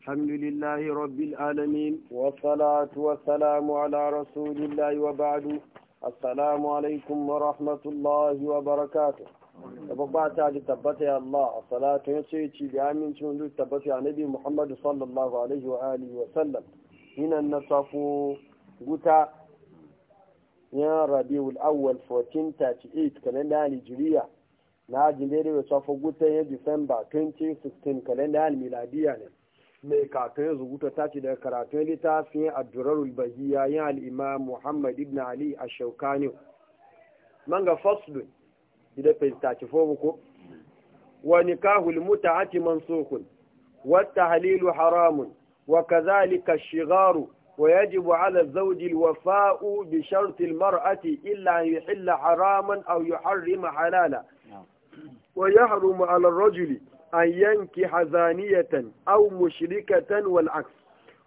الحمد لله رب العالمين والصلاة والسلام على رسول الله وبعد السلام عليكم ورحمة الله وبركاته ta ci da amincin duk tabbata ya nabi Muhammadu sallallahu alaihi wa alihi wa ya 1438 da safo guta 2016 miladiya ne mai katon ya zubuta ta ce daga karatun littafin addurarul bahiya yin al'imam muhammad ibn ali a shaukani man ga faslun idan fahimtaci fomu ko wani kahul muta ati mansukun wata halilu haramun wa kazalika shigaru wa yajibu ala zaujil wafa'u bi shartil mar'ati illa yuhilla haraman aw yuharrima halala wa yahrumu ala rajuli أن ينكح زانية أو مشركة والعكس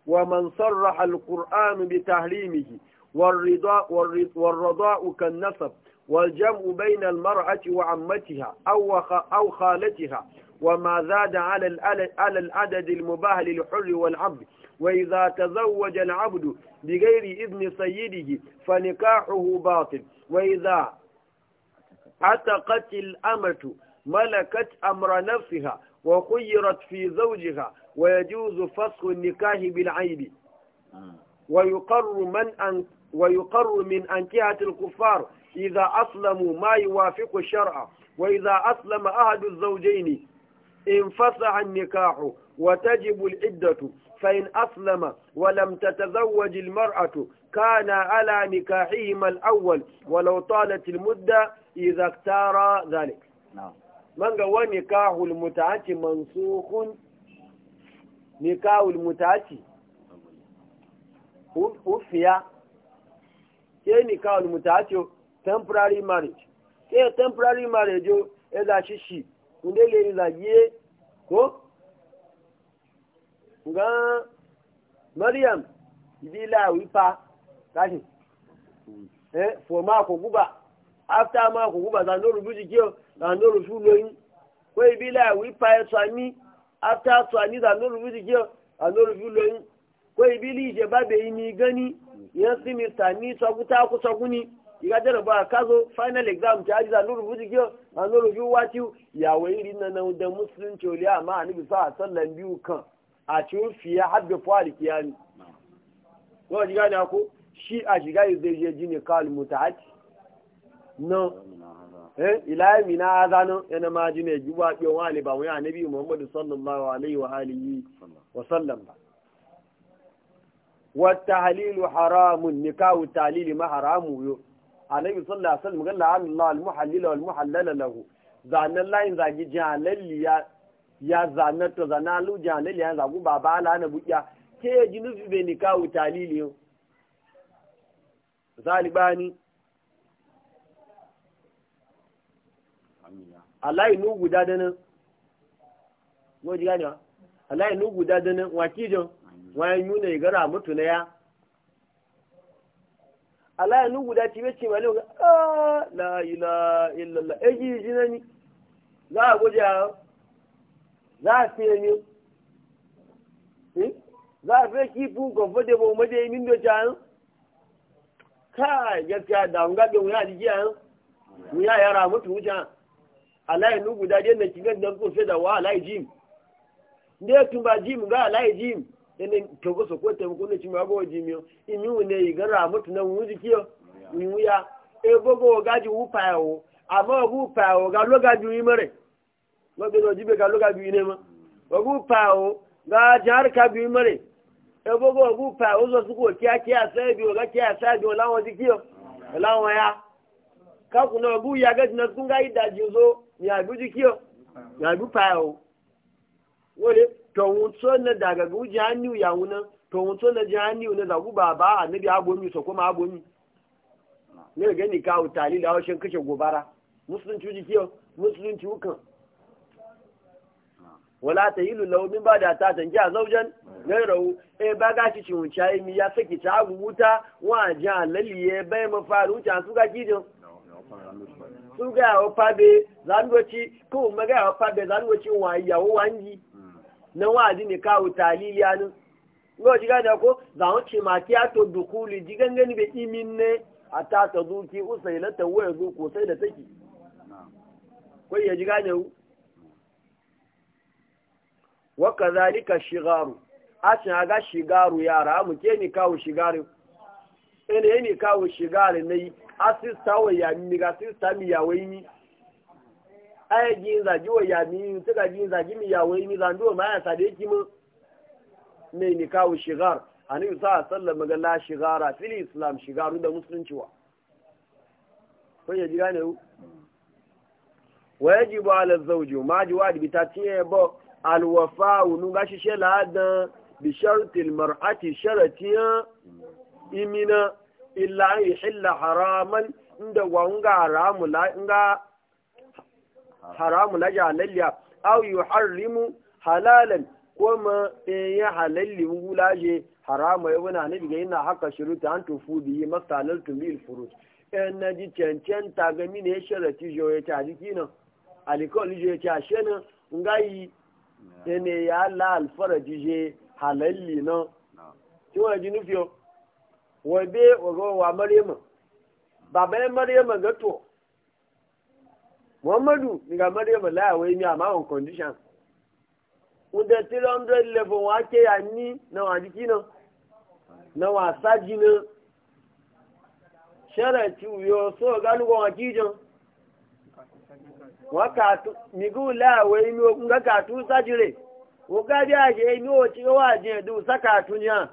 ومن صرح القرآن بتحريمه والرضاء, والرضاء كالنصب والجمع بين المرأة وعمتها أو, أو خالتها وما زاد على على العدد المباح للحر والعبد وإذا تزوج العبد بغير إذن سيده فنكاحه باطل وإذا عتقت الأمة ملكت أمر نفسها وخيرت في زوجها ويجوز فسخ النكاح بالعيب ويقر من أن ويقر من أنكهة الكفار إذا أسلموا ما يوافق الشرع وإذا أسلم أحد الزوجين انفصع النكاح وتجب العدة فإن أسلم ولم تتزوج المرأة كان على نكاحهما الأول ولو طالت المدة إذا اختار ذلك نعم man ga wani kahul mutaci mansukun ni kahul mutaci ufiya ke ni temporary marriage ke temporary marriage yo e da shishi kunde le la ye ko nga maryam bila wipa kashi mm. eh for ma guba after ma ko guba za zanoro su loyin ko ibi la wi pa e to ani after to ani zanoro wi dije zanoro su loyin ko ibi li je ba be ni gani yan si mi ta ni so buta ko so guni iga jere ba kazo final exam ta ji zanoro wi dije zanoro ju ti ya we ri na na da muslim choli ama ani sa sallan u kan a o fi ya habbe fali kiyani ko ji ni ko shi a shiga zai je jini kal mutahati no Eh, ila mina azanu yana ma ji ne juwa wa wali ba wani annabi muhammadu sallallahu alaihi wa alihi wa sallam ba wa tahlilu haramun nikahu talili ma haramu yo annabi sallallahu alaihi wasallam galla Allah al muhallil wal muhallal lahu zanan lain zagi jalalli ya ya zanan to zanan lu jalalli ya zagu baba ala na buya ke nufi be nikahu talili yo zalibani aláìlú guda dana wọ́n guda dana wọ́n kíjọ wọ́n yẹn yún mutu na ya aláìlú guda ti bẹ́ẹ̀ tìmọ̀lẹ́ wọn aa láìlá ìlàlá èyí yìí na ni za a goje za a ni za a fiye eh? kifu comfortable maje yi min doce a kai gaskiya da hunga ga wuya jijiya wuya yara mutu wuce ala nu guda dai na kigan dan ko sai da wa alayi jim ne tun ba jim ga ala jim ene to go so ko ko ne go jim yo imi ne igara mutu na wuji kiyo ya e bogo ga ji wu ama wu ga lo ga imere be do jibe ga lo ga ma ogu pa ga jar ka bi ga kia bi ji ya ya ga ga zo yabi jikiyo yabi payo wole to wutso na daga guji hannu ya wuna to wutso na ji hannu na zagu ba ba annabi abomi so kuma abomi ne gani ka utali da haushin kashe gobara musulunci jikiyo musulunci hukan wala ta hilu lau min ba da ta tanki a zaujen gairawo e ba ga shi cin wuce ya saki ta abu wuta wa ji halaliye bai mafaru wuce an su ga kijin su ga fabe zangoci ko maga fabe zangoci wa yawo wangi na wadi ne kawo talili anu ngo jiga da ko zan ci ma kiya to dukuli jigan gani be imin ne ata ta zuki usailata wa zuku sai da take ko ya jiga ne wa kazalika shigaru a cin aga shigaru yara mu ke ni kawo shigaru ene ni kawo shigaru ne asista wa yami mi ga asista mi yawo yi ai ji za ji wa yami to ga ji za ji mi yawo yi za ndo ma ya sade ki mu me ni kawo shigar annabi sa sallam ga la shigara fil islam shigaru da musulunci wa ko ya ji gane ku wajibu ala zawji ma ji wajibi ta tiye bo al wafa'u nun gashi shela da bi shartil mar'ati sharatiya imina illa an yi hila haraman inda wa haramu na nga au yi ja halalan ko ma ɗaya halalli wulaje haramu ya wuna anabi ga yana haka shiru ta hantu fudu yi masalar tumil furut ɗan na ji cancanta ga ne ya sharati jo ya ta jiki nan alikon jo ya ta shi nan nga yi ne ya la alfara jije halalli nan. ti wani ji nufiyo? be wa maryama baba ya maryama ga to muhammadu ga maryama la wa mi ama on condition unda 311 wa ke ya ni na wa jiki na na wa saji na sharati yo so ga lu wa kijon wa ka tu mi gu la wa mi ga ka tu sajire wo ga ja je mi o ti wa je du saka tunya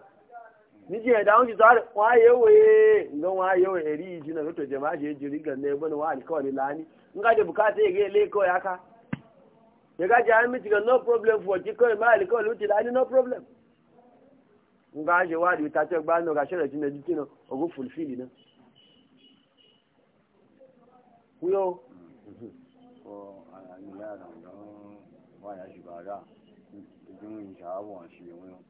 nije da wani zuwa wa yawaye don wa yawa eri ji na fito jama'a je jiri ga ne bana wa alkawari lani in ga da bukata ya ga le ko ya ya ga ji an miji ga no problem for ji ko ma alkawari wuti lani no problem in ga je wa da ta ce ba no ga shirya ji na ji fulfili na kuyo ko ya da wa ya shi ba da jin shi wani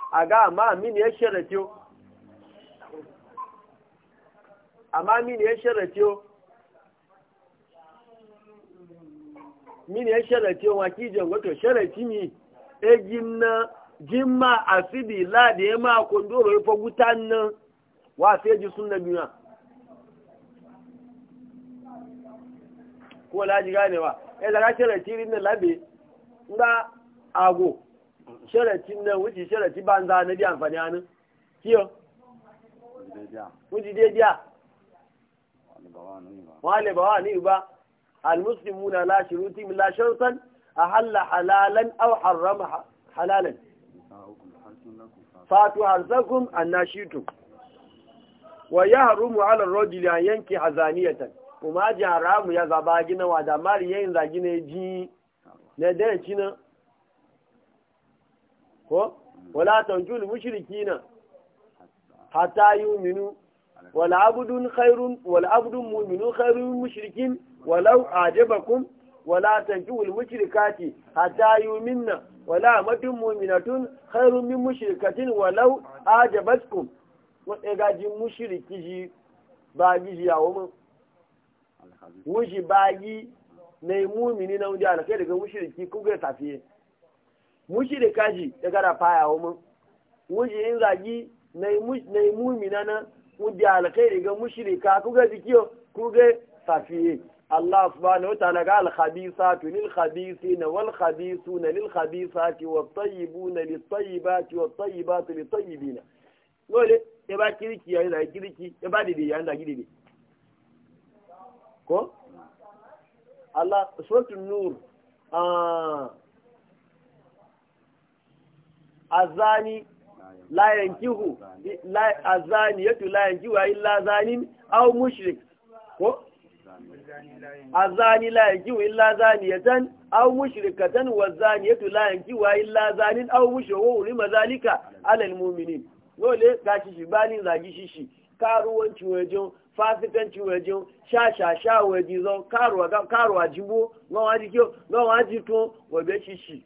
aga amma e e mini ya sharatiyo amma mini ya sharatiyo mini ya sharatiyo wa kijin wato sharati mi egin na jimma asidi la da ya ma kondoro ya fagutan nan wa sai ji sunna biyu ko laji ganewa eh daga sharati rin na labe nda ago sharatin nan wuce sharati ba za na bi amfani hannun kiyo wuce dai, biya. wale ba wani ba almuslimuna la shuruti la sharutan ahalla halalan aw harrama halalan fatu harzakum annashitu wa ya yahrumu ala ar-rajuli an yanki hazaniyatan kuma ji haramu ya zaba gina wa da mari yayin zagine ji na da cinan ko wala tanjul mushrikina hatta yu'minu wal abdun khairun wal abdun mu'minu khairun mushrikin walau ajabakum wala tanjul mushrikati hatta yu'minna wala matun mu'minatun khairun min mushrikatin walau ajabatkum wanda gaji mushriki ji ba giji yawo mun wuji bagi ne mu'mini na wuji alkai daga mushriki kuga tafiye mushi da kaji da gara faya wa mun mushi in zagi na yi mumi na kudi alkhairi ga mushrika ku ga zikiyo ku ga safiye Allah subhanahu wa ta'ala ga al-khabisatu lil khabisina wal khabisuna lil khabisati wat tayyibuna lit tayyibati wat tayyibatu lit tayyibina dole ya e ba kirki yayi da kiriki ya e ba dide yayi da dide ko Allah suratul nur ah azani la yankihu la azani yatu la yankihu illa zanin aw mushrik ko azani la yankihu illa zani yatan aw mushrikatan wa zani yatu la yankihu illa zanin aw mushrik wa ulima zalika ala almu'minin dole ka shi shi bani zagi shi shi karuwanci wajen fasikanci wajen sha-sha-sha wajen zon karuwa jibo gawa jikin gawa jito wabe shi shi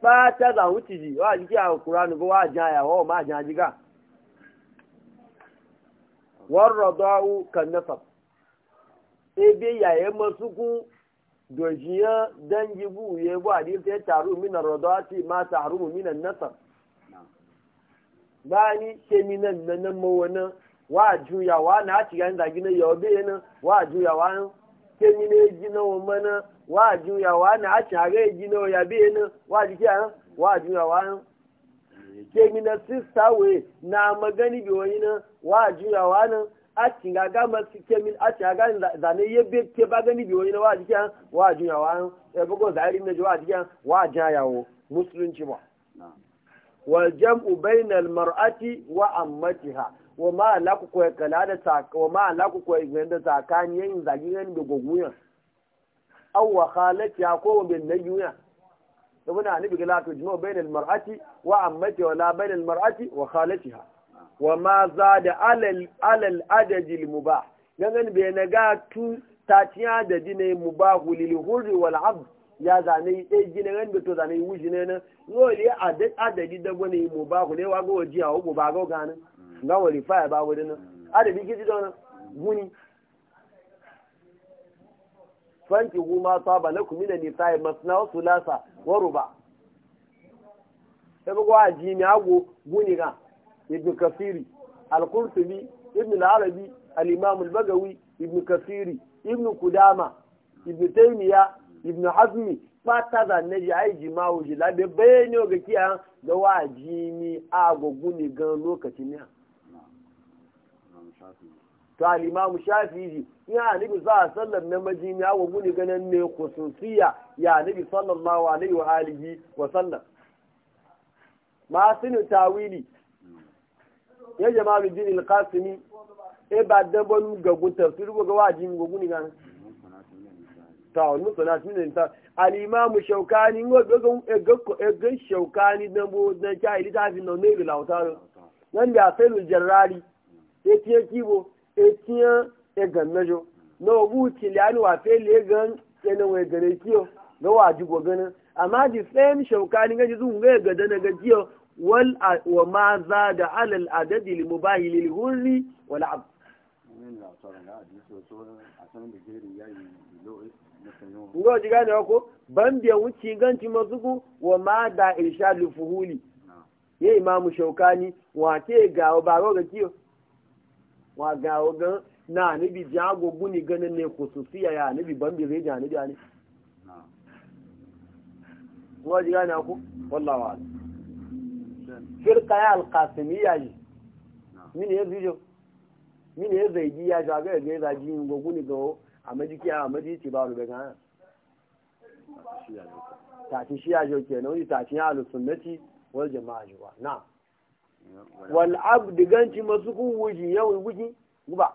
pátá làwọn ti jì wá jíjẹ́ àwọn kúránù kó wá jẹ́ àyàwó máa jẹ́ àjíká wọ́n rọ̀dọ̀ áwú kànáfà ebe yàyẹ mọ́sùkú dòjìyàn dánjibú yẹbú àdífẹ́ tààrù mínà rọ̀dọ̀ àti máa tààrù mínà náfà báyìí ṣe mínà nánà mọ́wọ́ náà wá àjúyà wá náà àti yàndàgínà yọ̀ ọ́ bẹ́ẹ̀ náà wá àjúyà wá náà kemi ne jina wa mana wa ya wa na a caga jina ya bi na wa jike ya wa ya wa ke kemi na sista we na magani bi wani na wa ya wa na a cinga ga ke mi a da ne ya be ke ba gani bi wani na wa jike ya wa ya wa an ya e bugo zahiri na ju wa jike ya wa jayawo musulunci ba wal jam'u bainal mar'ati wa ammatiha wa ma Allah ku koyi kala da ta wa ma Allah ku koyi gwen da tsakani yin zagi yin da gogunya aw wa khalat ya ko bin nayuya to muna ni bi galatu jima bain al mar'ati wa ammati wa la bain al mar'ati wa khalatiha wa ma zada ala alal al adad al mubah gangan be na ga tu ta tatiya da dine mubahu lil hurri wal abd ya zane ɗaya gina ran da to zane wuji ne na yau ne adadi da gwani mubahu ne wa ga wajiya wa ga ganin nga wali faya ba wadana nan adabi gidi da wani guni fanki huma ta ba na kumi da nisa'i masna wasu lasa waru ba ebe kwa ji mi agwo guni ga ibn kafiri al-qurtubi ibn al-arabi al-imam al-bagawi ibn kasiri ibn kudama ibn taymiya ibn hazmi pata za ne ji ai ji mawo ji labe bayani ga kiyan da wa ji mi agwo guni gan lokacin ne to alimamu yi ya anabi za a sallar na majimiya wa guni ganin ne kususiya ya anabi sallallahu alaihi wa alihi wa sallar ma sinu tawili ya jama din jini qasimi e ba dabon gagun tafsir su ga wajin ga ni ganin ta musana min ta alimamu shaukani ngo ga ga e e shaukani na bu na kai littafin no ne ga lautaro nan da sailul jarrari etinye kibo etinye egan mejo na ogu chile ani wa fe le gan ene we gane kiyo ga wa jugo gane amma di same shaukani ga jizu ga ga dana ga kiyo wal wa ma za da alal adadi lil mubahi lil hurri wal ab ngo ji gane ko ban biya wuci ganci mazugu wa ma da irshadul fuhuli ya imamu shaukani wa ke ga ba ga kiyo wa ga ogan na ni bi jago guni ganin ne khususiya ya ni bi ban bi zai jani jani wa ji gane ku wallahi wa firqa ya alqasimiyya ji min ya bijo min ya zai ji ya jaga ga za ji go guni go amaji ki amaji ti ba rube ga ta ci shi ya jo kenan ta ci ya alusunnati wal jama'a ji wa na'am wal abdi ganci masu kun wuji yau wuji guba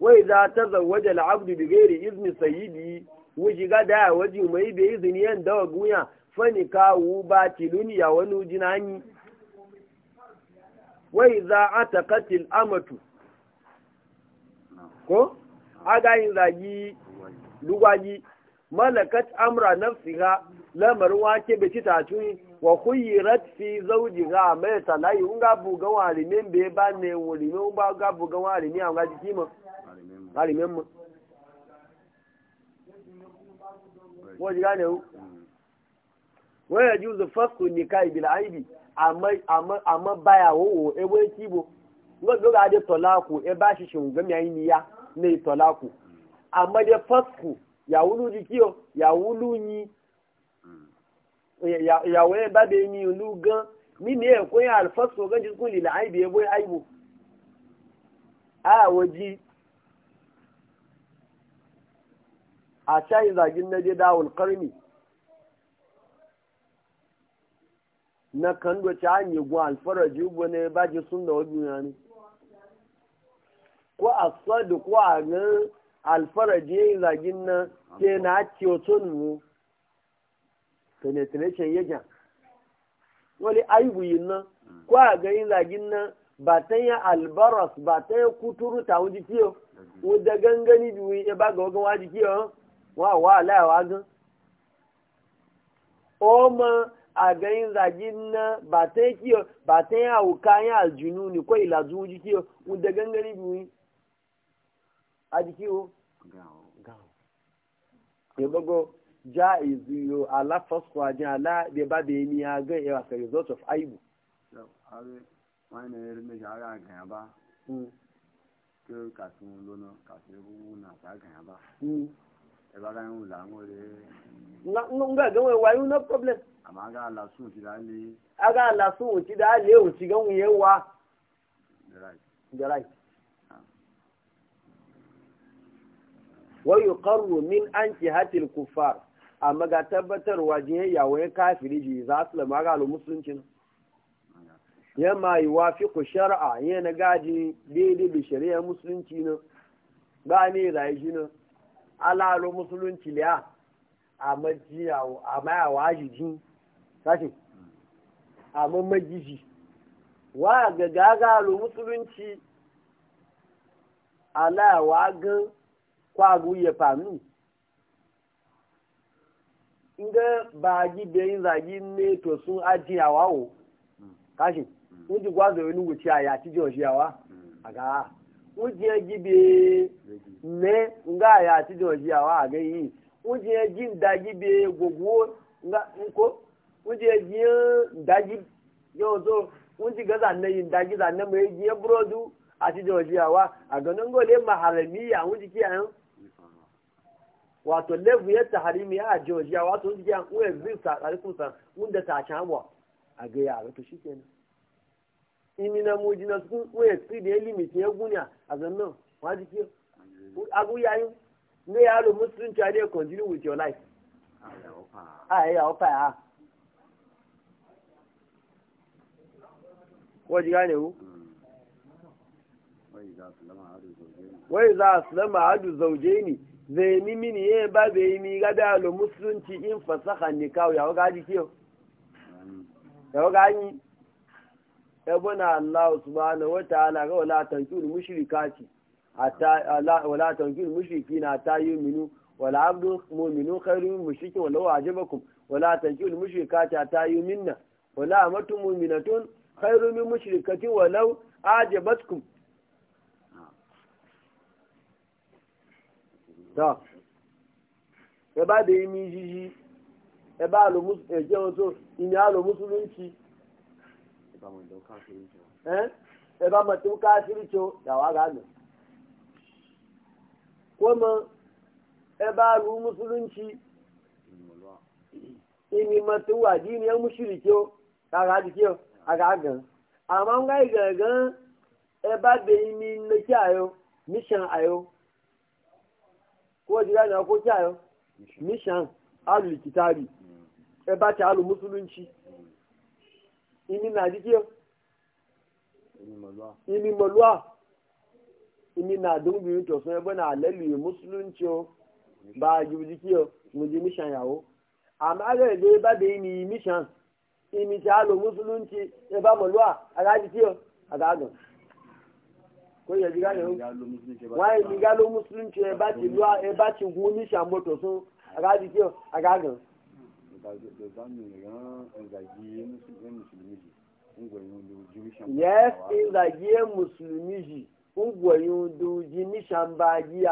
wai za ta zawaje al'abdu da gairi izini sayidi wuji gada ya waje mai da izini yan dawa guya fani kawo ba tiluniya wani wujinani wai za a takatil amatu ko agayin zagi lugwaji malakat amra nafsiha lamar wake bai ci tatu wa khuyrat fi zawjiha mai talai un ga buga walimin bai ba ne walimin un ba ga buga walimi an ga jiki ma walimin ma waje gane hu wa yajuzu fasqu nikahi bil aibi amma amma amma baya wo ebo kibo ngo ga de tolaku e ba shi shungami ayiniya ne tolaku amma de fasqu yawu luji kye yawu luji yawu ya baa bee nyi lu ga min be ee ko ya alfaso ga nke nkume lile anyi bee bụ a wajiri a cha nyinza gị n' na dị daa na kanu ndo ta ha nyegbu alfaradị ụgbọ na ya baa ji sum na ọ ko a so dị ko a ndị. alfaraji ya zagin nan ke na kyoton mu penetration ya jan wani aibuyin nan hmm. ko a ga yi zagin nan ba ta yin albaras ba ta yin kuturu ta wuji kiyo wadda gangani biyu ya ba ga wagan waji kiyo wa wa alaya wagan oma a ga yi zagin nan ba ta yi kiyo ba ta yin awuka yi aljinu ne ko ilazu wuji kiyo wadda gangani biyu adiki o gbago ja izuyo ala first kwaji ala bai ba da yi ya ga yawa e ka result of aibu wani yari meji ara ganya ba kí o kàtí wọn lónà kàtí ewu náà tá ganya ba ẹ bá gáyé wù láwọn rẹ. nga gan wọn wáyé no problem. àmọ́ aga alasun ti dá lé. aga alasun ti dá lé òtí gan wọn yẹn wá. jọra yìí. wayu qarru min an ankihatil kuffar amma ga tabbatarwa jiyayya yawaye kafiri ji za su da ga musulunci yamma ku shar'a yana gaji daidai da shari'ar musulunci na ba ne zai shi na alalo musulunci liya amma jiya amma ya waji ji sashi amma majiji wa ga gagalo musulunci ala wa gan kwagu hmm. ya fami inda ba zagi ne to sun kashi wuji gwazo wani wuce a yaci jojiyawa a ga wuji ya gibe ne nga yaci jojiyawa a gayi wuji ya ji nga nko àti jọ̀ọ́jì awa àgànnàngọ́ lè máa hàrẹ̀mí àwọn jìkì àyàn wato level ya taharimi a georgia wato awa to uwe zin sakarikun san wanda ta canwa a ga yara to shikenan imi na muji na sun uwe su da ya limiti ya gunya a zannan wa jiki agu yayin ne yaro muslim child dey continue with your life a ya opa a ko ji gane ku wai za a salama hadu zauje ni zai ni mini yin ba bai yi mi gada lo musulunci in fasaha ne ya yawo ga ji ya yawo ga yi ebona allah subhanahu wa ta'ala ga wala tankil mushrikati hatta wala tankil mushrikina ta yuminu wala abdu mu'minu khairun mushrikin wala ajabakum wala tankil mushrikati hatta yuminna wala amatu mu'minatun khairun min mushrikati walau ajabatkum tọ́ ẹ bá dé mi yíyí ẹ bá lò mú ẹ jẹun tó ìní àlò mùsùlùmí ti. ẹ bá mọ̀ tó káàkiri tó dàwa rà nù. kó mọ ẹ bá lò mùsùlùmí ti. ìní mọ̀ tó wà dí ni ẹ mú ṣìrì tó ara àdìkí ọ ara àgàn. àmọ́ ko ji gane ko mishan alul e ba ta alu musulunci imi na dike imi imi na dungu to so e bana alalu musulunci ba ju dike mu ji mishan yawo amma ga de ba de ni mishan imi ta alu musulunci e ba ko yẹ jí ni wọn yìí ní gálò mùsùlùmí ẹ bá ti lu ẹ bá ti gun ní sàmótò fún agáàdì tí ó agáàgàn. yes ìzàgíyé mùsùlùmí yìí ń gbọ̀yìn dùjì ní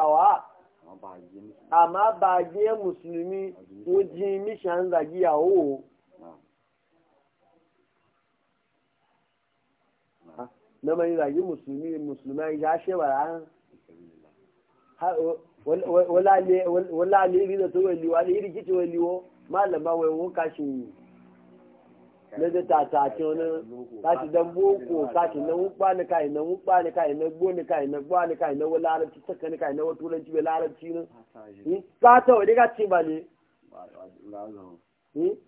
àwa àmà bàjẹ́ ń ní na mai zagi musulmi musulma ya she bara wala ne wala ne rida to wali wali iri kici wali wo malama wai wo kashi na da ta ta ce wani kashi dan boko kashi na wukpa ni kai na wukpa ni kai na gbo ni kai na gbo ni kai na wala arabci saka ni kai na wata turanci bai larabci ne ka ta wani ka ce ba ne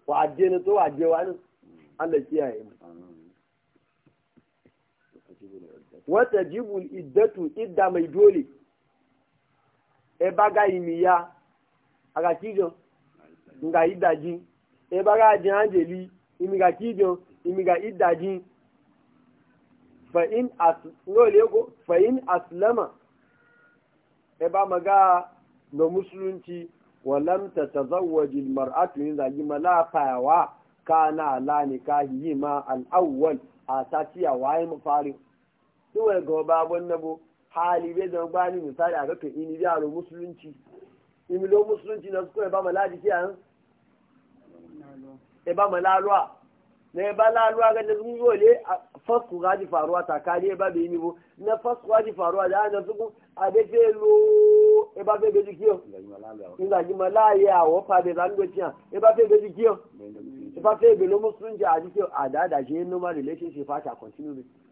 wa ajiye ne to wa ajiye wani da kiyaye mu wata jibul iddatu idda mai dole e baga a ga kijo nga idaji e baga ajin anjeli imi ga kijo imi ga idaji fa'in as no lego fa'in in aslama e ba maga no musulunci walam tatazawwaj al mar'atu in zagi malafawa kana la nikahi ma al awwal a tatiya waye mafarin suwa ga babon nabo hali bai zama ba ni misali a kakan ini yaro musulunci imilo musulunci na suka e ba ma jiki a eh? e ba mala ruwa na ya ba laruwa ga da sun yole fasku gaji faruwa takari ya e ba bai yi bo na fasku gaji faruwa da ana suku a da fe lo e ba bai gaji kiyo in gaji malaya wa fa bai zan gaji ya e ba bai gaji kiyo e ba bai lo musulunci a jiki a da da shi noma relationship fa ta continue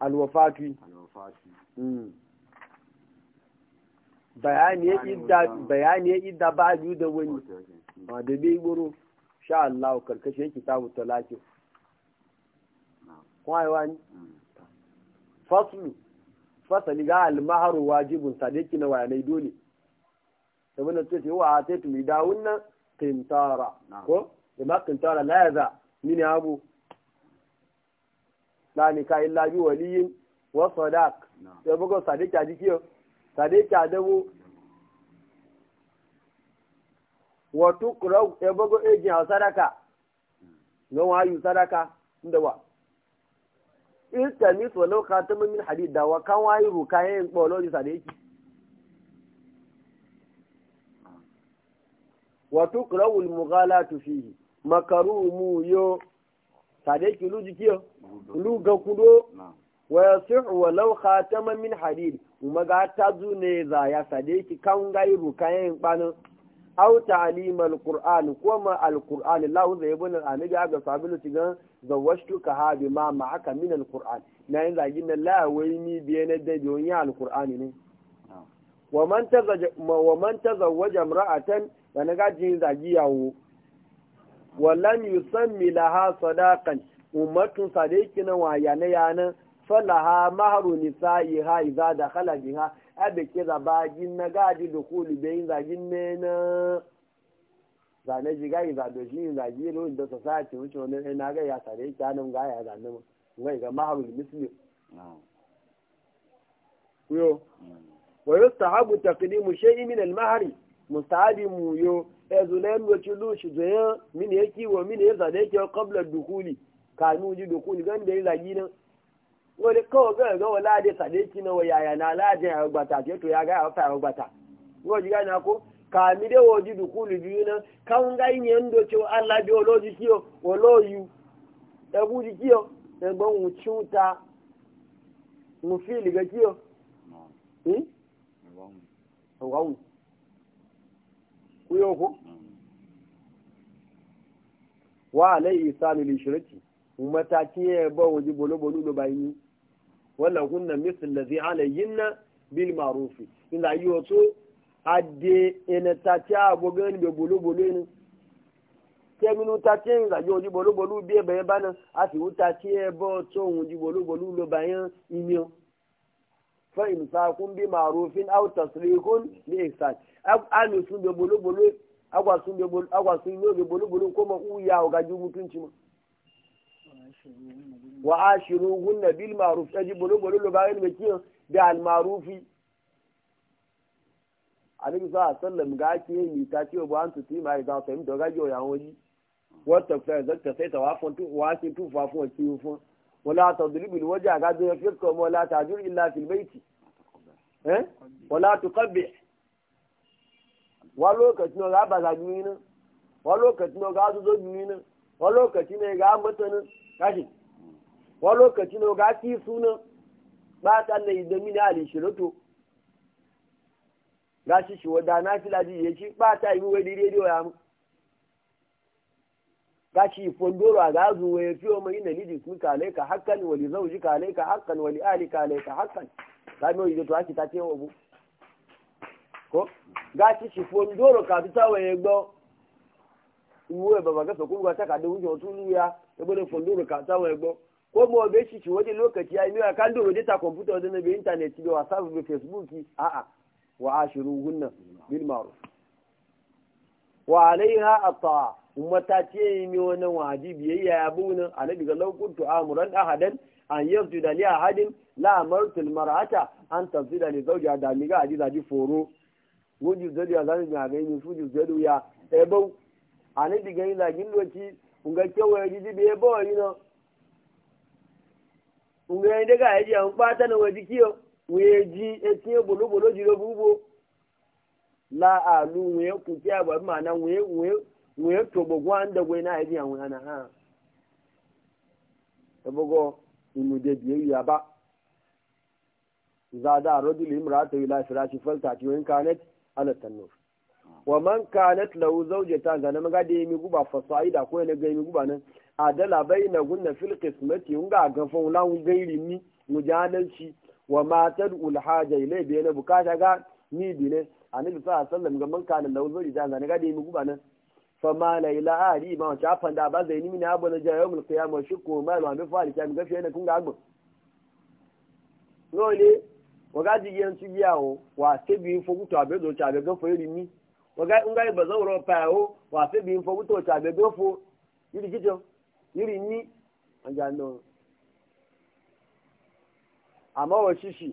alwafati hmm. bayani ya idda ba biyu da wani ma da bai wuro sha Allah karkashin kitabu talaki kwaiwa ne hmm. fasulu fasali ga almaharu wajibun sadiki na wayanai dole saboda na ce wa a taitu mai dawun nan kintara ko da ma kintara la ya za mini abu la ka illa bi waliyin wa sadaq da bugo sadiq a jikiyo sadiq a dawo wa tukra e bugo ejin a sadaka no wa yu sadaka inda wa ni so lo khatam min hadid da wa kan wa yi rukayen bolo ji sadiq wa tukra al mughalatu fihi makarumu yo tare ki lu jikiyo lu ga kudo wa yasihu law khataman min hadid kuma ga ta zune za ya kan gairu kayan banu aw ta'lim alquran ko kuma alquran lahu zai bin al-anabi ga sabilu tigan zawashtu ka ha bi ma aka min alquran na yin zagi na la wai ni biye na da biyon ya al ne wa man tazawwaja wa man tazawwaja imra'atan da naga jin zagi yawo Walan yusammi laha sadaqan ummatun sadiqina wa yana yana falaha mahru nisa'iha idza dakhala biha abike da bagin na gaji da kuli bayin zagin ne na zane jiga iza do shi zagi ro da society wuce wannan ina ga ya sare ki anan ga ya zanne mu ngai ga mahru muslim yo mm. wa yustahabu taqdimu shay'in min al-mahri mustahabi mu yo ezulen wacce lushi zoyen mini ya kiwo mini ya zane kabla dukuli kanu dukuli gan da yi nan wani ga ga wala da sade ki na wayaya na lajin ya gbata ke ya ga ya fa ya gbata ga na ko kami de woji dukuli biyu nan kan ga yin yando ce Allah bi oloji kiyo oloyu ebu ji kiyo da gbon wucinta mu fili ga kiyo hmm? eh kuyo ko wa alai isanu li mataki ya ba waje bolo bolo da bayini wannan kunna misl ladhi alayhinna bil ma'ruf inda yoto ade ene tati abogan be bolo bolo ni tẹminu tati ẹyin ìgbàjọ ojú bolúbolú bí ẹbẹ yẹn a sì wú tati ẹ bọ tó ohun fa imsakun bi ma'rufin aw tasrihun bi ihsan an sun be bulu bulu agwa sun be bulu agwa sun bulu bulu ko uya ga ji ma wa ashiruhun bil ma'ruf aji bulu bulu lo ga kiyo bi al ma'rufi alim sa sallam ga ki yi ta ce ba an tuti mai za ta yi da ga yo ya wani wata fa zakka sai ta tu wala tadribul wajha ga da fiska wala tajur illa fil baiti eh wala tuqabbih wa lokacin ga ba za duni nan wa lokacin ga zo duni nan wa lokacin ga mutanin kashi wa lokacin ga ti sunan ba ta ne da mina ali shirutu gashi shi filaji ba ta yi ya mu gashi fondoro a gazu wa ya fiyo mai ina liji su kale ka hakan wali zauji kale ka hakan wali ali kale ka hakan ta mai wajen ta ce wabu ko gashi shi fondoro ka fita wa ya baba gasa ga taka da wuce wasu ya bude fondoro ka wa ya ko shi shi lokaci ya miya kan doro ta kwamfuta wajen na bi intanet bi whatsapp bi facebook a'a wa ashiru hunna bil ma'ruf wa alaiha ataa ummata ce mi wani wajibi yayya ya bunin annabi ga lokutu amuran ahadan an yanzu da li ahadin la amartul mar'ata an tafsida li zawjiha da mi ga ji foro wuju zadi ya ya ebo e na e bolo bolo la alu ŋue kuti a bi maana ŋue ŋue ŋue tobo gwan da gwe na ayi biya ŋue ana hã ebogo inu de bie yi aba zada arodi li imra ta ila firashi falta ti wen kanet ala tanur wa man kanat lahu zawjatan zana maga de mi guba fasaida ko ne ga mi guba nan adala baina gunna fil qismati unga ga fa ulan gairi ni mujadalci wa ma tad'u al haja ilay bi na bukata ga ni bile ne annabi sallallahu alaihi wasallam ga man kana lawu zuri da zan ga dai mu guba nan fa ma la ilaha ali ma ta fanda ba zai ni mina abu na jayo mul qiyamah shukku ma la mi fa alika mi gafe ne kun ga agbo lole waga ji yan ci yawo wa se bi fo gutu abe do ta be gafo ri ni waga un ga ba zawro pa o wa se bi fo gutu ta be gafo yiri kijo yiri ni anja no amma wa shishi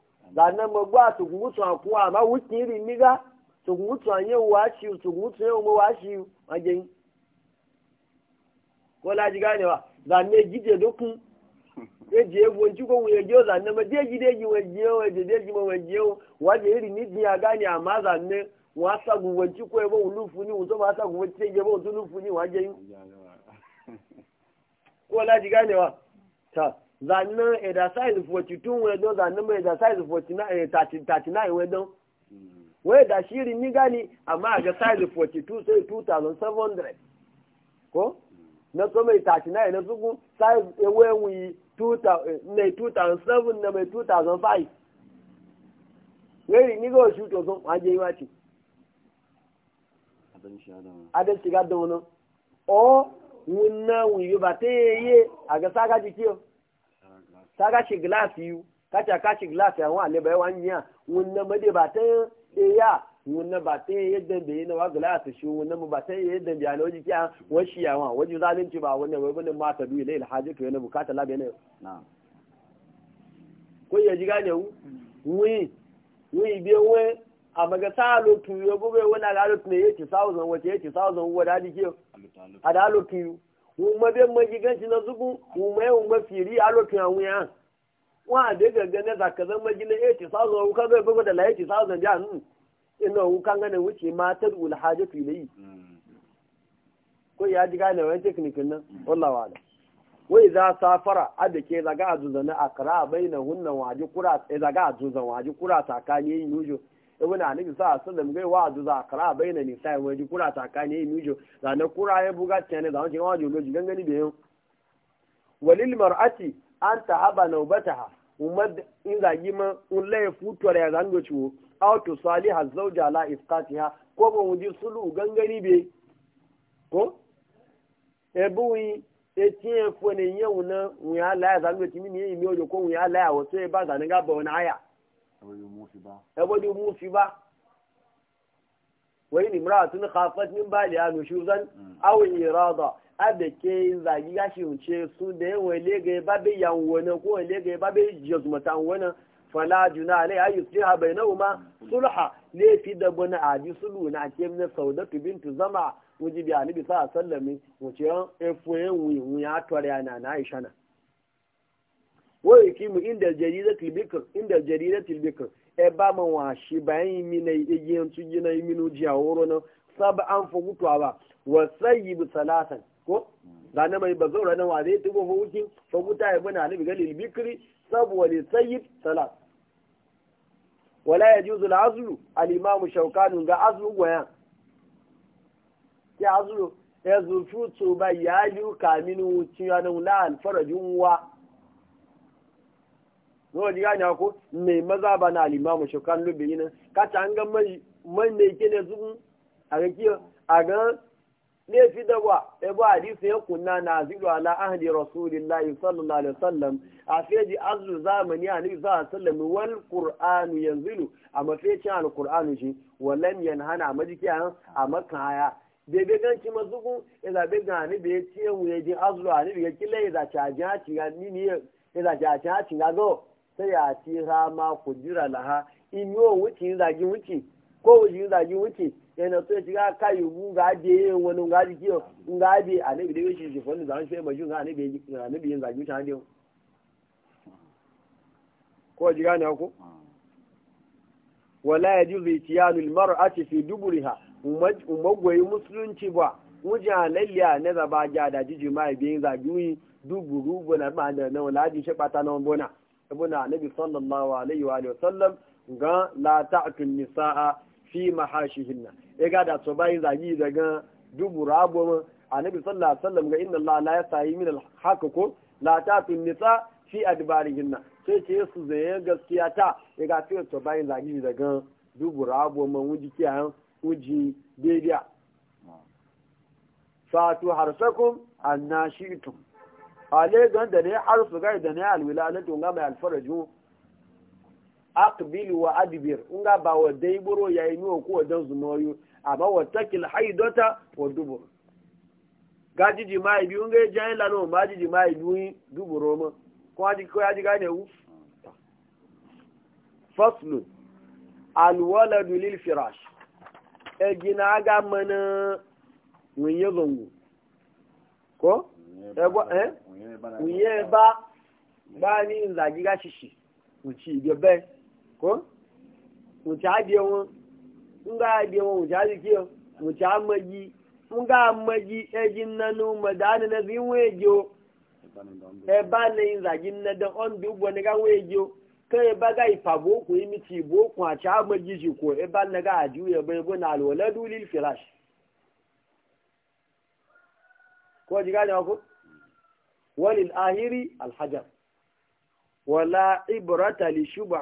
zanen magwa su gutsu a kuwa amma wuce iri niga su gutsu a yau wa shi su gutsu yau ma wa shi a gen ko laji ganewa zane gije dokun eji egwu nci ko wuye jiyo zane ma deji deji wa jiyo wa je deji ma wa jiyo wa je iri ni jiya gane amma zane wa sa guwa nci ko ebo ulufu ni wuzo ma sa guwa nci ebo wuzo ulufu ni wa je yi ko laji ganewa ta na exercise 42 wedon zanna mai exercise 39 wedon wai da shiri ni gani amma a ga size 42 sai 2700 ko mm. na so mai 39 na suku size ewenwi na 2007 na mai 2005 wai ni ga wasu to sun waje yi wace adal shiga da wani o wunna wuyi ba ta yi a ga saga jiki yau ta shi glass yu ta ta kashi glass ya wa le bai wani ya wunna made ba ta ya wunna ba ta yadda da yana wa glass shi wunna ba ta yadda da loji kiya wa shi ya wa zalunci ba wani wai bunin mata bi lai alhaji to yana bukata labe ne yau ko ya ji gane wu wi bi we a maga sa lo yau yo gobe wala la lo ne 80000 wace 80000 wada dike a da lo yau. kuma bai magiganci na zugu kuma yau mafiri a lokacin um awon ya wa da gaga na zakazan magina 80,000 wuka zai bugu da la 80,000 wukan gane wuce ya ji gane wani teknikin nan wallawa da wai za safara a da ke zaga a zuzana a na hunnan waje kura zaga a waje kura ibn ali sa sallam gai wa du za kara bayna ni sai waji kura takani mi jo da na kura ya buga tane da wani waji loji gangani da yau walil mar'ati an tahaba nawbataha umad in za yi ma un lai futuwar ya zango ciwo aw to salihaz zawja la ifqatiha ko mu ji sulu gangani be ko ti e efo ne yewu na wuya la zango mi ni mi ojo ko wuya la wo se ba ga bo na aya ẹgbọ́dí mú fi bá wọ́n yìí nìmúra àtúnú kàfẹ́ ní báyìí àánú ṣùgbọ́n àwọn ìyẹ̀rọ ọ̀dọ̀ abẹ̀kẹ́ ìzàgí yáṣì ń ṣe súndẹ̀ bá bẹ́ yàwó wọn kó ẹlẹ́gẹ̀ẹ́ bá fala juna alai ayu mm. sulha bainahuma sulha ne fi da bana aji sulu na ke na saudatu bintu zama wuji bi annabi wuce alaihi wasallam a na na aisha na wai ki mu inda jarida tilbikar inda jarida tilbikar e ba man wa shi bayan mi na igiyan tu gina mi minu ji aworo na sab an fa gutuwa ba wa sayyib salatan ko gane mai ba zaura na wa zai tubo fa wuki fa guta ya bana ni bigal bikri sab wa sayyib salat wala yajuzu al-azlu al alimamu shawkanu ga azlu goya ya azlu ya zufu tsoba ya yi kaminu ciyanu la alfarajin wa zuwa ji gani ko mai maza ba na alimamu shukan lube yi nan kata an ga mai mai kene zuwa a ga a ga ne fi da ba e a hadisi ya kunna na zidu ala ahli rasulillahi sallallahu alaihi wasallam a feji azu zamani a nabi sallallahu alaihi wasallam wal qur'anu yanzilu a mafecin alqur'anu shi walam yanhana a majikiya a makaya bebe gan ci mazugu ila be gan e ni be tiye wuye ji azu ani be kile ila cha ja ci ga ni ni ila e cha cha ci ga go sai ya ci ha ma ku jira ha in yo wuce zagi wuce ko wuce zagi wuce yana so ya shiga ka yi bu ga je wani ga ji kiyo ga je anabi da yake shi wani zaman shi mai jun anabi anabi yin zagi wuce hande ko ji gane ko wala yajuzu itiyanul mar'ati fi duburiha umagwayi musulunci ba wujen halalliya na zaba ja da jijima biyin zagi duburu bona ma da na wala ji shi bata na bona ibuna annabi sallallahu alaihi wa sallam ga la ta'tu nisaa fi mahashihinna e ga da to bayin zagi daga dubura aboma annabi sallallahu alaihi wa sallam ga inna Allah la yasayi min al-haqq ko la ta'tu nisaa fi adbarihinna sai ce su zai gaskiya ta e ga to bayin zagi daga dubura aboma wuji kiyan wuji daidai fatu harsakum annashitum ale gan da ne harfu gai da ne alwilalatu nga mai alfaraju aqbil wa adbir nga ba wa dai buro yayi ni ko dan zunoyu amma wa takil haidota wa dubur gaji ji mai biyu nga jayi lano ma ji ji mai biyu duburo ma ko aji ko aji gane wu faslu alwaladu lil firash e gina ga mana mun yezongu ko ǹyẹ́ bá bá ní ìlàgígá ṣìṣì ǹtí ìgbẹ̀bẹ́ kó ǹtí àdìẹ wọn ǹgá àdìẹ wọn ǹtí àdìẹ kí ọ ǹtí àmọ́jì ǹgá àmọ́jì ẹjì nnanú mọ̀dáni náà fi ń èjì o ẹ̀bá ní ìlàgí nnadán ọ̀ndì ugbọ̀ ní ká wọ́n èjì o kẹ́yẹ bá gá ìpàbò òkun ìmìtì ìbò òkun àti àmọ́jì ṣìkò ẹ̀bá ní ká àdìẹ bẹ́ẹ̀ bọ́ ní àlùwọ̀lẹ́dúlì fìlàṣì. ko ji gane ku walil ahiri alhajar wala ibrata li shuba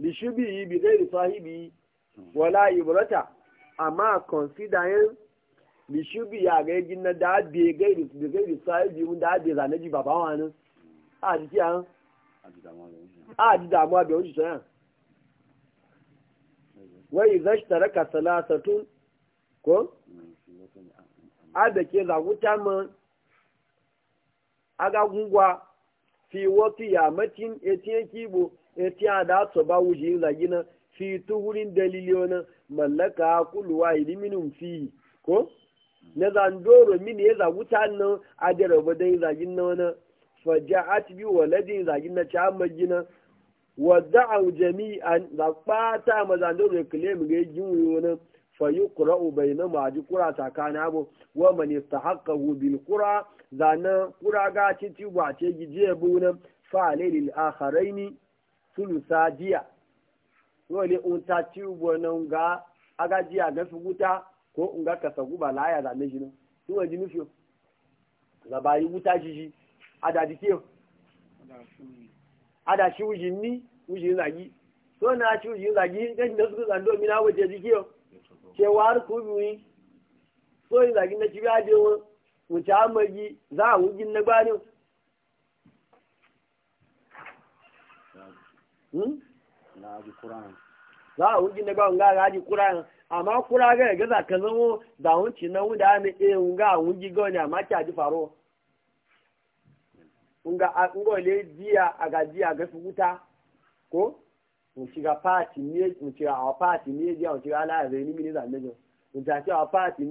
li shubi bi ghairi sahibi wala ibrata amma consider li shubi ya ga yin na da bi ghairi bi ghairi sahibi mun da bi ji baba wani a ji an a ji damuwa bai wuce sayan wai zashtaraka salasatun ko mm. adake zaguta ma aga gungwa fi wata yamacin etiye kibo etiye da su ba wuce gina fi tuhurin daliliyona mallaka kuluwa iliminin fi ko na ne mini ya zaguta nan a da rabu don zagin na wani faja a ti bi waladin zagin na ca magina wadda jami'an zakpata ma zandoro ya kule mu ga yi wani fayuqra'u bainama aji kura tsakanin abu wa man haka bil qura zanan kura ga ci ci ba ce gije bunan fa lil akharaini sulusa jiya wani unta ci na nga aga jiya ga wuta ko nga kasa guba laya da ne jini su wa jini fiyo ga bayi wuta jiji adadi kiyo ada shi wujin ni wujin zagi so na shi wujin zagi kan da su zando mina waje yau. ke war kubi so yi zagin na ci ga de won mu ta amaji za a wujin na gbani za a wujin na gbani ga ga ji qur'an amma kura ga ya gaza ka zamo da hunci na wuda ne eh a wuji ga a amma ki ji faro nga a le dia aga dia ga wuta ko ntiga paati media ntiga awa paati media ntiga alaaza eni mini za nejo awa paati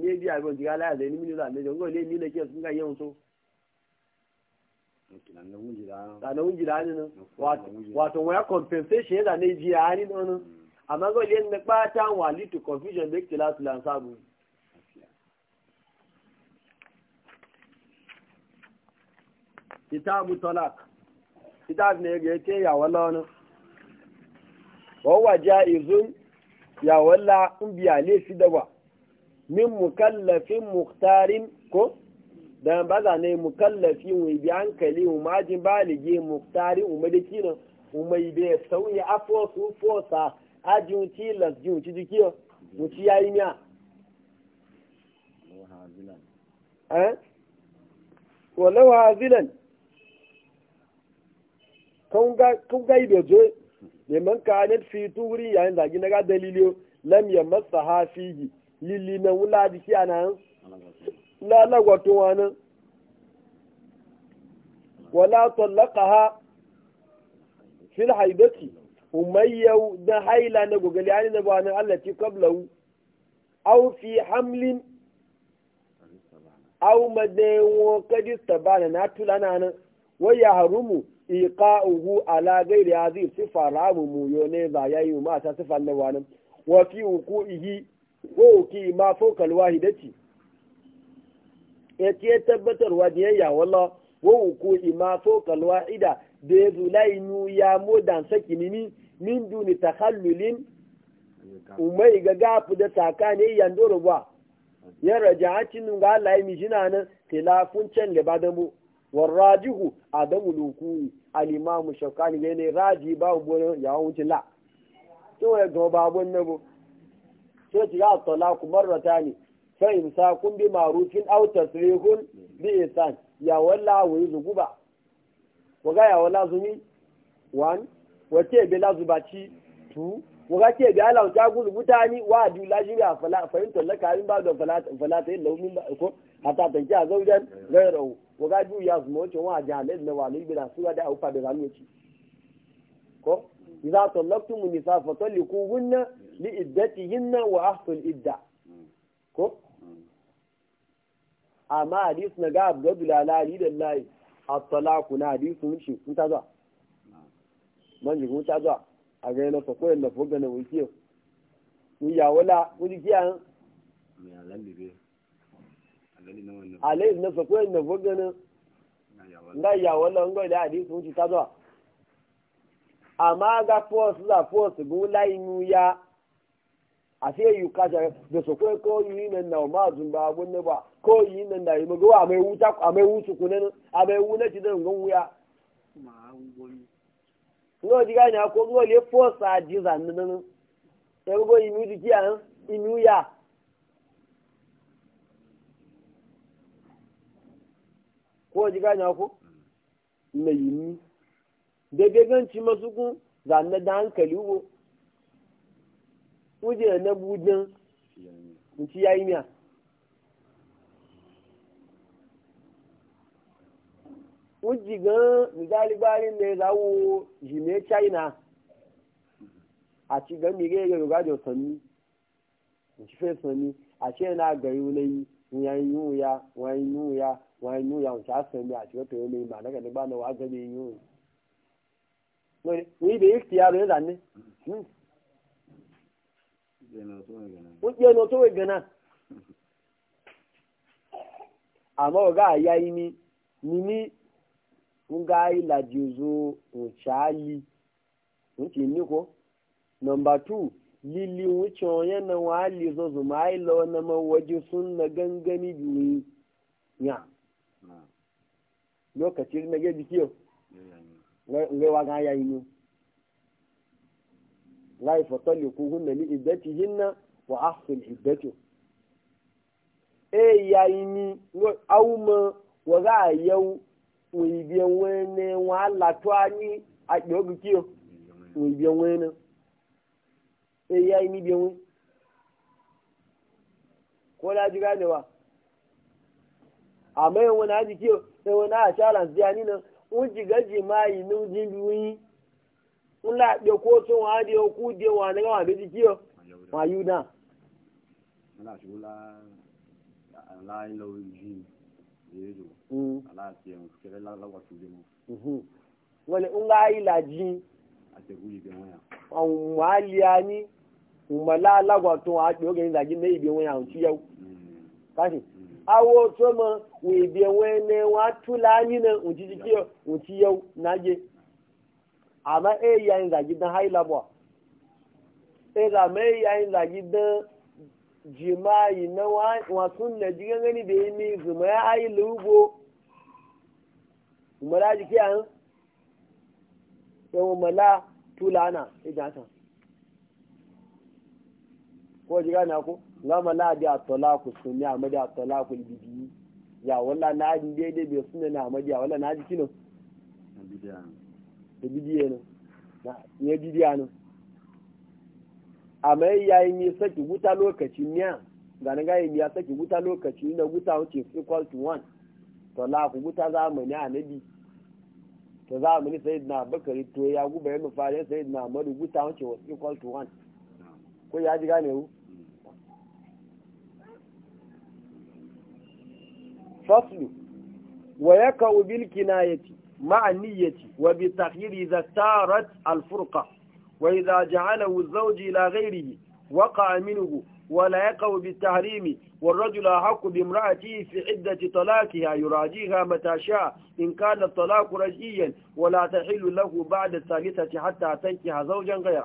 wato compensation ne ji ani no no mm. amma ngo le ne pata wa litu confusion de kitabu talak kitab ne ga yake ya wala wawa ja'izun ya walla in biya laifi da ba min mukallafin muktarin ko da ba za ne mukallafi mai bi hankali umajin balige muktarin umariki nan umai da ya sauya afo su fosa ajin tilas jin ci jikiyo wuci yayi miya eh? walau hazilan kun ga ibe joe neman kanet fi turi yayin zagi na ga dalilio lam ya masa hafihi lili na wula jiki a nan lalagwato wani wala tallaka ha fil haibati umayyau da haila na gogali ani na bani Allah ci kablau aw fi hamlin aw madawo kadis bani na tulana nan waya harumu iqa'uhu ala ghairi hadhihi sifa ramu muyo ne za yayi ma ta sifa na wani wa fi wuqu'ihi ko ki ma fawqa alwahidati yake tabbatarwa da yayya wallah wa wuqu'i ma fawqa alwahida da yuzulainu ya modan sakinini min duni takhallulin umai ga gafu da tsakani yandoro ba ya raja'atin ga Allah yi mijina nan tilafun can da ba da mu warrajihu adamu lukuni alimamu shakani ne ne raji ba gbono ya wuce la to ya go ba bon ne bo sai ti ya talaku marratani fa imsakun bi ma'rufin aw tasrihun bi ihsan ya walla wa yuzuba a ya walla zumi one wace bi lazubaci two waga ce bi ala ta gulu wa du fahimtar lakarin ba da fala fala ta yin laumin ba ko a zaujan gairau waga ju ya zuma wancan wa jan alai na wani na, su da aufa da zamu ci ko idza talaqtum nisa fa talliquhunna li iddatihinna wa ahsul idda ko amma hadis na ga abdul alali da lai at-talaqu na hadis mun shi zuwa man ji kun ta zuwa a ga fa wala kun alai na sa koyan na vagana nga ya wala nga sun ci tazwa amma ga force za force go lai ya a yu ka da so ko yi nan na ma zun ba ne ba ko yi nan da yi ma go a mai wuta a mai wuci kunan a mai wuna ci dan gon wuya ma wani ngo diga ni ko ngo zan e ya ko ji gane ku mai yi da gaganci masu kun zanne da hankali ko kuje na budin nci ya yi miya Uji gan misali gbari ne zawo jime China àti gan mi gẹ́gẹ́ ga jọ sàn mí nci fẹ́ sàn mí àti ẹ̀ náà gẹ̀rẹ́ wọlé yìí wọ́n ya wọ́n yà ya wani nu yawon sa san mi a cikin to yomi ma daga ni ba na wa yi yiwu ni da yake yaro ya zanne kuɗe no to gana amma ga yi ni ni ni kun ga yi lajozo wucali wuce ni ko number two lili wuce yana wa lizo zuma ilo na mawaji sun na gangani biyu ya lokaci na ya bikiyo mm. ngewa ga ya inu lai fatali ku hunna li iddati hinna wa ahsin iddatu e ya ini awuma wa ga yau uibiyan wene wa latu ani a yo bikiyo uibiyan wene e ya ini biyan wene ko la jiga ne wa àmọ́ ẹ̀wọ̀n náà di kí o ẹ̀wọ̀n náà àṣàlàǹsì díẹ̀ nínú ń jìgẹ́jì máa yìí ní ojú ìlú yín ń là pé kó tó la á di okú di wọn àná wọn àbí di kí o wọn àyù náà. wọ́n ní ń gá ìlàjì àwọn ọmọ àlìyá ní ìmọ̀lá alágbàtún àgbẹ̀ ògè ìlàjì ní ìgbéwọ̀n àwọn tíyẹ́wò káṣí. awo to ma we bi wene wa tulani na uji jikiyo uji yau naje amma e yayin zagi dan haila ba e ga me yayin zagi dan jima'i na wa sunna digan gani da yimi zuma ya ayi lugo umara jiki an yawon hm? mala tulana idan ta ko jiga na ko ngama na di atolaku sunni amadi atolaku bidi ya wala na di dede bai suna na amadi wala na di kino da bidiyo no na ne bidiyo no amma yayi ni saki wuta lokaci niya ga na gayi ya saki wuta lokaci na wuta wuce equal to one to la ku wuta zamani annabi to sai sayyidina bakari to ya guba ya mafare sayyidina madu wuta wuce equal to one ko ya ji gane ku الفصل ويقع بالكناية مع النية وبالتخيير إذا استارت الفرقة وإذا جعله الزوج إلى غيره وقع منه ولا يقع بالتحريم والرجل أحق بامرأته في عدة طلاقها يراجيها متى شاء إن كان الطلاق رجئيا ولا تحل له بعد الثالثة حتى تنكح زوجا غيره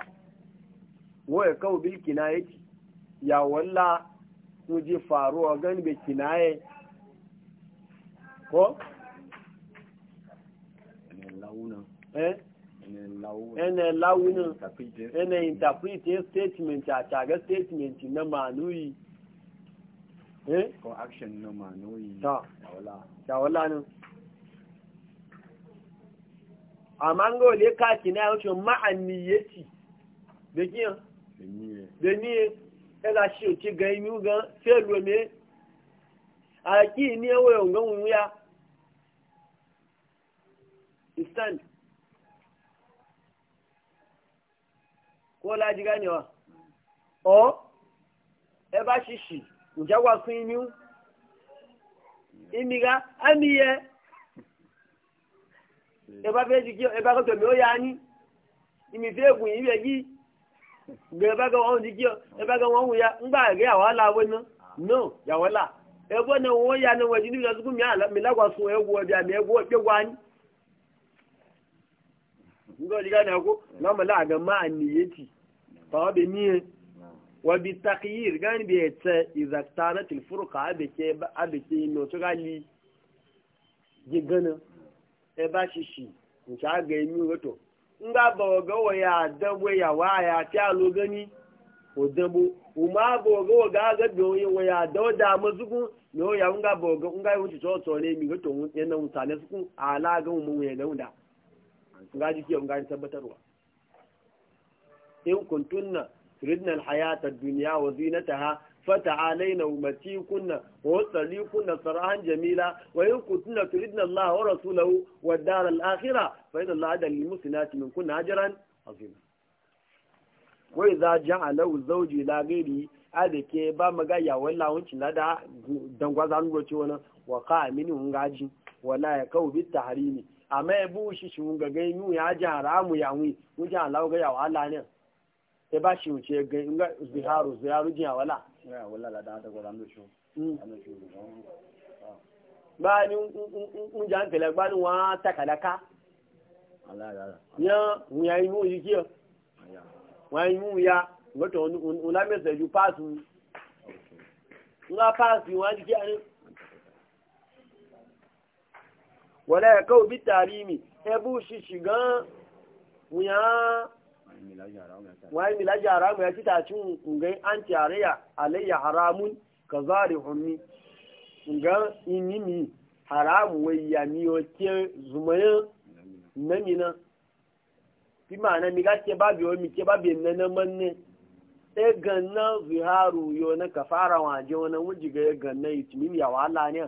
ويقع بالكناية يا ولا مجي فاروغا بالكناية ko ene lawunan eh? ene interpreting statement a taga statement na manuyi eh ko action na manuyi ta wala ta wala le ka ki na da kiyan da ni e la shi o ti ga imi ga se lo a ki ni e yo ngan ya stand ko laji ganewa o ẹ bá ṣìṣì ǹjẹ́ wà fún inú ìmìgá àmìyẹ ẹ bá fẹ́ jíjẹ́ ẹ bá kọ́tọ̀ mi ó yá ní ìmìfẹ́ ègùn yìí rẹ̀ yìí gbẹ̀rẹ̀ bá gọ́wọ́n jíjẹ́ ẹ bá gọ́wọ́n wù ya ń gbà rí àwọn aláwọ̀ náà no yàwọ́lá ẹgbọ́n náà wọ́n yá ní wọ́n jí níbi lọ́sùkú mi lágbàsùn ẹgbọ́ ọdẹ àmì ẹgbọ́ ọdẹ wá ní. ngo liga na ko ngam la ga ma niyati fa be niye wa bi taqyir gan bi etse idza kanat al furqa abike abike no to gali je gana e ba shishi nka ga emi wato nga ba waya ya ya ti alo gani o dabo uma ba ga ga ga do ya waya do da mazugun no ya nga ba nga to to ne mi ga mu ngaji kiyo ngaji tabbatarwa in kuntunna turidna alhayata ad-dunya wa zinataha fata'alaina umatikunna wa tsarikunna sarahan jamila wa in kuntunna turidna Allah wa rasulahu wa dar al-akhirah fa inna Allah adal lil muslimati min kunna ajran azima wa idha ja'ala zawji la ghairi adake ba maga ya walla wuncin da dangwa nuro ce wannan wa qa'a amini ngaji wala ya bit tahrimi àmọ́ ẹbú ṣíṣe òun gẹ̀gẹ́ inú yà jẹ́ ya yàwìn ó jẹ́ àláwọ̀ gẹ́yà wàhálà náà ẹ bá ṣe ziharu ziharu jìn àwọlà. gbani ń jà ń tẹ̀lé gbani wọn á takàdáká yan wọn inú yìí kí ọ wọn inú ya gbọ́tọ̀ wọn lámẹ́sẹ̀ ju páàsì wọn páàsì wọn á kí ẹni. wala ya kawo bi tarimi ebu shi shigan wuya wani milaji haramu ya ci alayya haramun ka zari ya miyo ke zumayen namina fi ma'ana mi mi ke babu yana na manne e ganna ziharu yo na kafara waje wani wujiga ya ganna itimim ya wala ne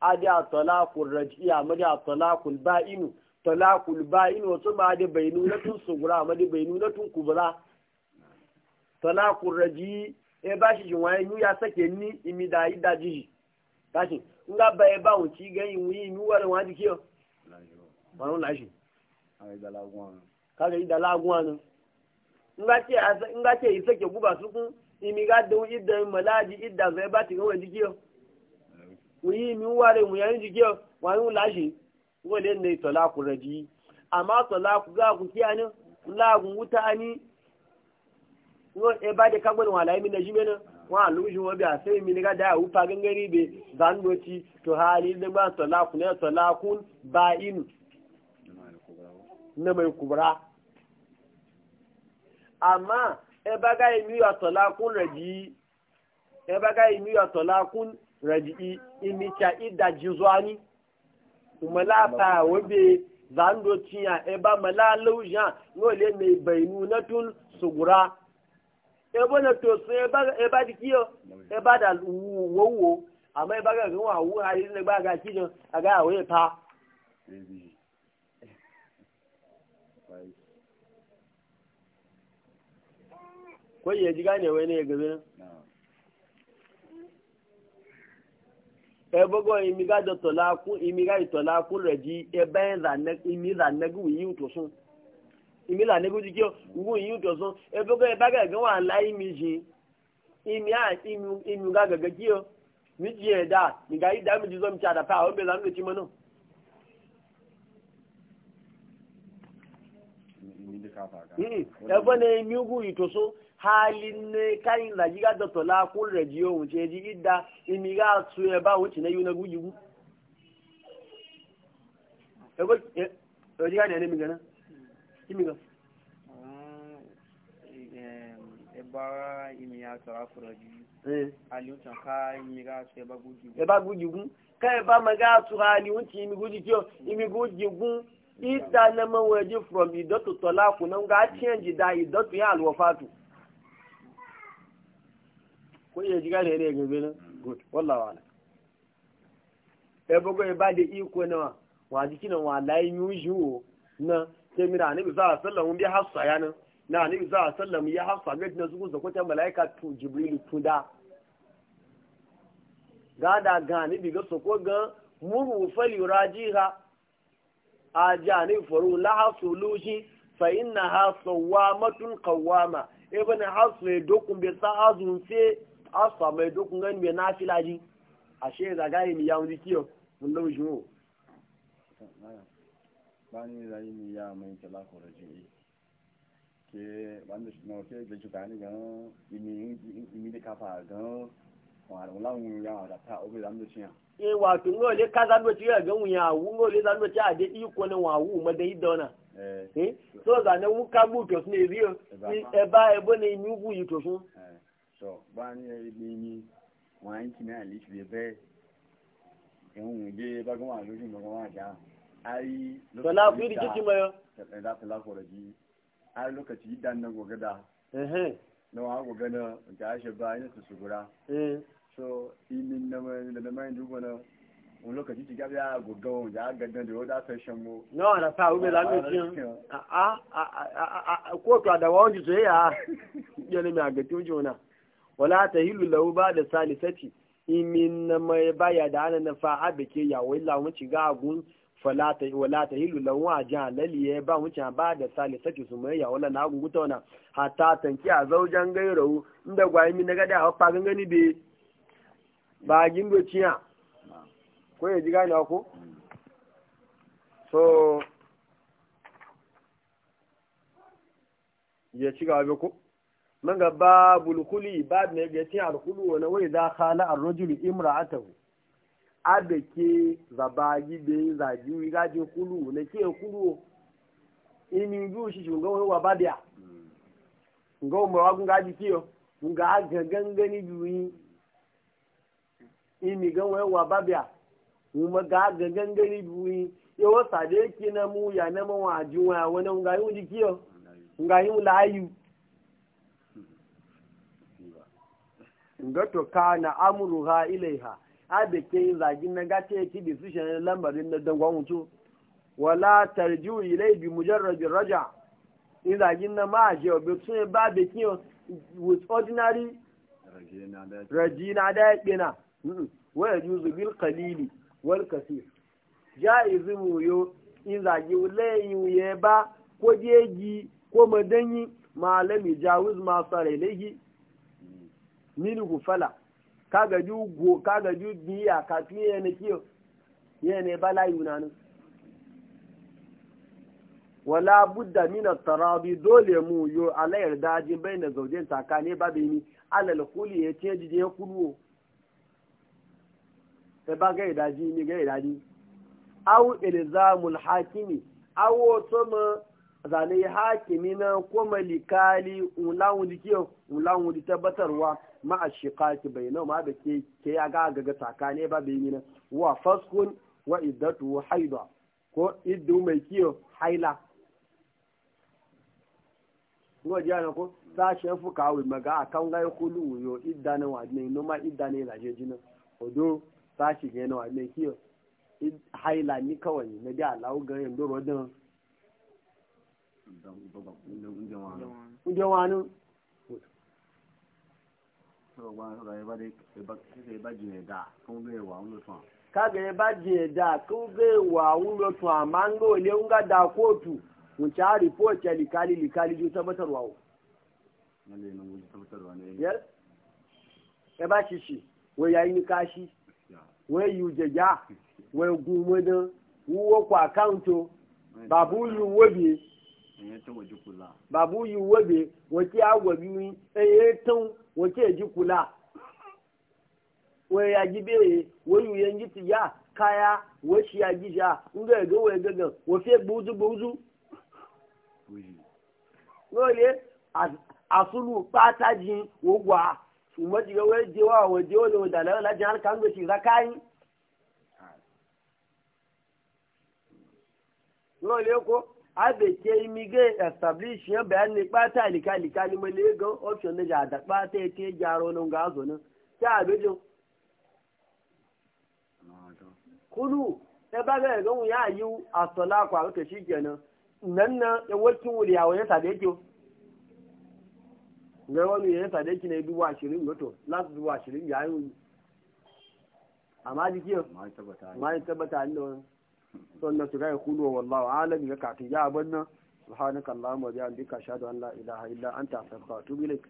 adi a talakul rajiya madi a ba'inu talakul ba'inu wasu ma adi bainunatun sugura madi na kubura talakul raji e eh, ba shi jin wayan ya sake ni imi da ida jiji tashi in ga ba e ba ci ga yin wi mi warin wa dike lagun in ga ce yi sake guba su kun imi ga zai ba ti wani mu yi mi ware mu yayin jige wa yi lashe wale ne talaku raji amma talaku ga ku kiyani lagun wuta ni wo e ba de kagbon wa lai mi na jime na wa lugu wo biya sai mi ga da u fa gangari be zandoci to hali da ba talaku ne talakun ba'in na mai kubra amma e ba ga mi wa talakun raji e ba ga mi wa raji'i imicha idaji zuwa ni umalata wabe zando cinya e ba malalau jan ngole mai bainu na tun sugura ebo bona to so e ba e ba dikiyo e ba da wowo amma e ba ga gan wa wu hali ne ba ga kido aga awe pa ko ye ji gane wai ne gabe nan ebogo imiga da ku imiga itolaku reji ebe imi zanne gu yi utosun gu yi utosun ebogo ebaga gan wa la imi imi a imi imi ga gaga kio mi ji eda mi ga ida mi jizo mi cha da pa o be la mi ti mono ebe ne imi gu itosun halin ne kayin da giga da tola kun rajiyo wuce ji idda su ya e ba wuce na yi na guji gu ego e, e jiga ne ne mi gana hmm, eh. imi ga ebara imi ya tara fura ji aliutan ka ga su ya ba guji gu guji gu wuce imi guji imi guji gu idda na from idotu tola ga change da idotu ya alwafatu ko iya ji da ne gobe nan good wallahi wala e bogo e ba iko na wa jikina na wa lai yuju na sai mira ne bi za wasallam bi hafsa ya na ne bi za wasallam ya hasa ga na su ko ta malaika to jibril to da ga da ga bi ga soko ga muru fali rajiha a ne faru la hasuluji fa innaha sawamatun qawama ibn hasu dokun bi sa'azun fi asa mai dokun gani mai nafila ji a she za gani mi ya wani kiyo mun lau shi ho ni zai mi ya mai kala ko raji ke bani shi no ke da shi gani ga imi imi da kafa ga wani la mu ya da ta obi da mu shi ya e wato ngo le kaza do ti ya gano ya wu ngo le zan do ti a iko ne wa wu ma dai dona eh. eh so za ne wu ka bu to ne ni e eh, ba e bo ne mi wu yi to sọ bá ní ẹgbẹ́ yín wọ́n á ń kí náà lè ṣe bẹ́ẹ̀ ẹ̀hún ìgbé bákan wà lójú ìmọ̀kan wà dá ayi tọ́lá fún ìdí kíkí mọ́ yọ. ẹ̀dá tọ́lá fọ̀rọ̀ jí ayi lókàtí yìí dáná gọ̀gẹ́dà na wa ga gana da ashe bayan su sugura so imin na mai da mai duba na wani lokaci ci gaba ya gugga wani da aka ganda da wadda ta shan mu na na sa ube la a a a a ko to da wa wani soyayya ya ne wala ta hilu lahu ba da salisati imin na mai baya da ana na fa'a da ke yawo illa wuce ga agun wala ta hilu lahu a jan halali ya ba wuce ba da salisati su mai yawo la na agun guta wana hatta tanki a zaujan gairawo inda gwaye min na gada a fagan gani be ba gindo ciya ko ya ji gane ko so ya ci gaba ko manga babul kuli bab ne ga tin alkulu wa wai za khala ar imra'atahu abeke zabaji be zaji ga ji kulu ne ke kulu ini ju shi shunga wa badia ngo mo wa ga ji nga ga gangani biwi ini ga wa badia mu ga ga gangani biwi yo sade na ya na mu wa wa yi gato kana amruha ilaiha abe ke zagin na gace ki bi su shan lambarin na dangon wuto wala tarju ilai bi mujarrad raja in zagin na ma je obi tun ba be ki with ordinary rajina da yakina wa yajuzu bil qalili wal kaseer jaizu mu yo in zagi wulayin ye ba ko jeji ko madanyi malami jawiz ma sare lehi minhu fala kaga ju go kaga ju biya ka fiye ne kiyo yene bala yunanu wala budda min at tarabi dole mu yo ala yarda ji ta ka ne babe ni al khuli ya ce ji je kulwo e ba ga idaji ni ga idaji aw ilzamul hakimi aw to mo zane hakimi na kuma likali ulawu dikiyo ulawu di tabbatarwa ma a shiqaqi bainahu ma da ke ke ya ga ga tsakane ba bai yi wa faskun wa iddatu haida ko iddu mai kiyo haila ngo ji ana ko sashen fuka awi maga akan ga kulu yo idda na wa ne no ma idda ne la je jina odo sashi ge na wa ne kiyo haila ni kawai na da lawo ga yin doro dan Ndé wa kaga ya baje da kuge wa wulo to amango le unga da kotu mun ta report ya likali likali ju tabbatarwa o ya ba shi shi wai yayi ni kashi wai yu jeja wai gumodan wo ko account babu yu babu yi wabe wace agwabi ni eye tun wace ji kula wai ya ji bere wai yuyen ji tiya kaya wasu shi ya ji sha in ga ga wai gaga wafe buzu buzu lóye asulu pata ji wogwa ṣùgbọ́n ti wọ́n jẹ́ wa wọ́n jẹ́ wọ́n lè wọ́n dàlẹ́ ọ̀la jẹ́ àlùkà ń ko. abeke imige establish yan bayan ne kpata alika alika ni mo le option ne ja da kpata ete jaro no ga zo no ta abejo kulu e ba ga gan ya yu asola kwa ko shi kenan nan na e wakin wuri ya wani sade ki ga wani ya sade ki ne dubu ashirin goto last duwa ashirin ya yi amma dikiyo ma tabbata ma tabbata ne sannan su ga yakulu wallahu alam ya kafin ya nan subhanakallahumma wa bihamdika ashhadu an la ilaha illa anta astaghfiruka wa atubu ilaik